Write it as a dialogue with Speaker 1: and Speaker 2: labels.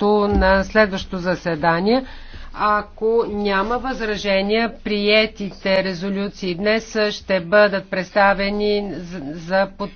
Speaker 1: началото на следващото заседание. Ако няма възражения, приетите резолюции днес ще бъдат представени за
Speaker 2: подписание.